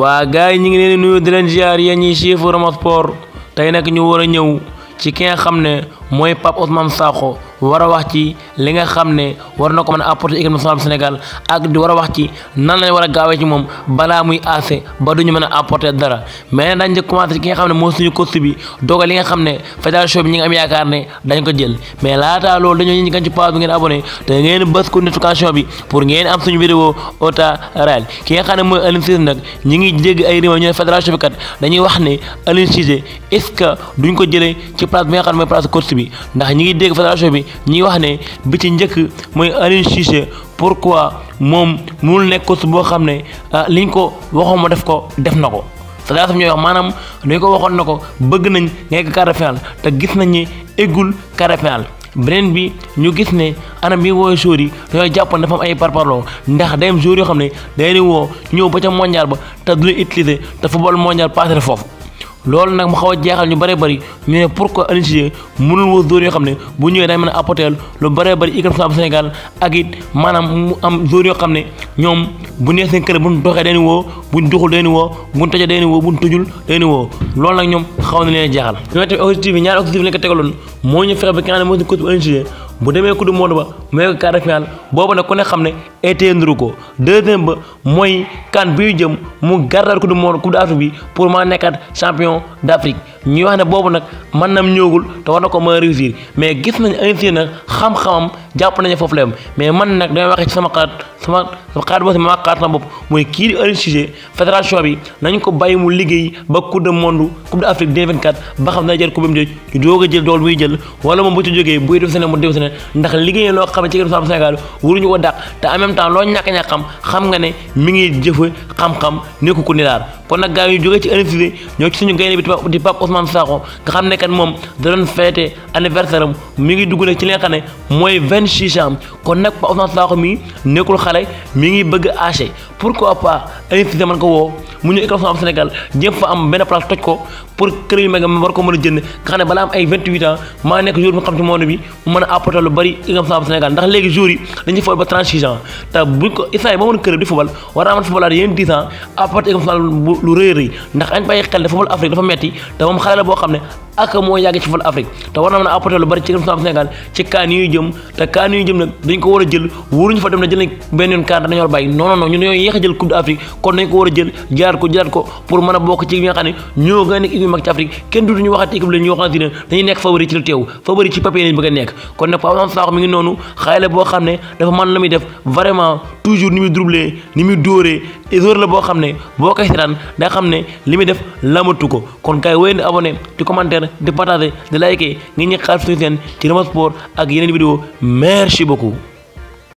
waa gars yi ñu ngi leen di nuyu di leen ziar yéen ñi chef Rama tey nag ñu war a ñëw ci ki nga xam ne mooy Pape Ousmane Sakho war a wax ci li nga xam ne war na ko mën a apporter équipe nationale bu a wax ci nan lañ a gaawee ci moom balaa muy aase ba duñu mën a apporter dara mais dañ ne moo suñu coach bi dogal li nga xam ne fédération bi ñi nga am yaakaar ne dañ ko jël mais laataa loolu dañoo ñi kan ci page bi ko notification bi nga xam ne mooy Aliou Cissé nag ñu ko jëlee ci place bi nga xam ne mooy place coach bi ndax ñi ngi dégg fédération bi ñi wax ne bi ci njëkk mooy Aliou pour pourquoi moom munul nekk coach boo xam ne ah, liñ ko waxoon ma def ko def na ko Sadio Assane ñooy wax maanaam dañ ko waxoon na ko bëgg nañ nga egg quart te gis nañ ne eggul quart beneen bi ñu gis ne anam bi woowe joueurs yi dañoo jàpp ne dafa am ay parparloo ndax day am joueurs yoo xam ne day woo ñëw ba ca mondial ba te du ñu utiliser te football mondial passé foofu. loolu nag mu xaw a jeexal ñu bëree bari ñu ne pourquoi Aliou Cissé mënul woo zone yoo xam ne bu ñëwee dañ mën a apporter lu bëree bëri équipe nationale bu Sénégal ak maanaam mu am zone yoo xam ne ñoom bu neex seen kër buñ doxee dañu woo buñ doxul dañu woo buñ tojee dañu woo bu buñ tojul dañu woo loolu nag ñoom xaw na leen jeexal. ñoo tamit objectif bi ñaari objectif lañ ko tegaloon moo ñu fexe ba kenn moo si coach Aliou bu demee coupe du monde mais quart de finale boobu nag ku xam ne été nuru ko deuxième ba mooy kan bi ñu jëm mu gardal ko du monde coupe d'Afrique bi pour maa nekkaat champion d'Afrique ñuy wax ne boobu nag man nam ñëwagul te war na ko mën a mais gis nañ invité nag xam-xamam jàpp nañu foofu la yem mais man nag damay waxee ci sama xalaat sama sama xalaat boo si ma xalaat mooy kii di Aliou Cissé fédération bi nañ ko bàyyi mu liggéey ba coupe du monde coupe ba xam na jël coupe bi mu jël ñu doog a jël dool muy jël wala moom bu ci jógee buy def sene mu def sene ndax liggéey loo xam xam ne ci équipe Sénégal waruñu ko dàq te en même loo ñàkk ñàkk xam xam nga ne mi ngi jëfe xam-xam nekku ku ni daal kon nag gars yu jógee ci université ñoo ci suñu gaynde bi di Pape Ousmane Sakho nga xam ne kat moom da doon feete anniversaire mi ngi dugg ne ci li nga xam moy 26 vingt ans kon nag Pape Ousmane Sakho mi nekul xalé mi ngi bëgg âgé pourquoi pas ay Cissé man ko wo mu ñu école am Sénégal jéem fa am benn place toj ko pour kër mi nga war ko mëna jënd nga xam ne am ay 28 ans ma nek jour mu xam ci monde bi mu mëna apporter lu bari école am Sénégal ndax légui jour yi dañ dañuy fo ba 36 ans ta bu ko Issa ba mën kër di football war na am footballeur yeen 10 ans apporter école bu lu reëri ndax ay bàyyi xel ne fubal Afrique dafa metti da mom xalé la bo xamne ak moo yàgg ci foot Afrique te war na mën a apporter lu bari ci Sénégal ci kaan yuy jëm te kaan yuy jëm nag dañ ko war a jël wóoruñu fa dem na jël war a bàyyi non non non ñun dañoo yéex a jël coupe a jël jaar ko jëlaat ko bokk ci ñi nga a nekk équipe mag ci Afrique kenn duñu waxaat ne dañuy lu teew favori ci papier lañ bëgg a nekk kon nag Pape Ousmane Sakho mi ngi noonu xaale boo xam ne dafa mën la muy def vraiment toujours ni muy dribblé ni muy dóoree joueur la boo xam ne boo koy seetaan da xam ne li muy def lamatu ko kon kay wéy abonné di commentaire de partager de liker ngeen ñàkk xaar suñu seen ci Rmba Sport ak yeneen vidéo merci beaucoup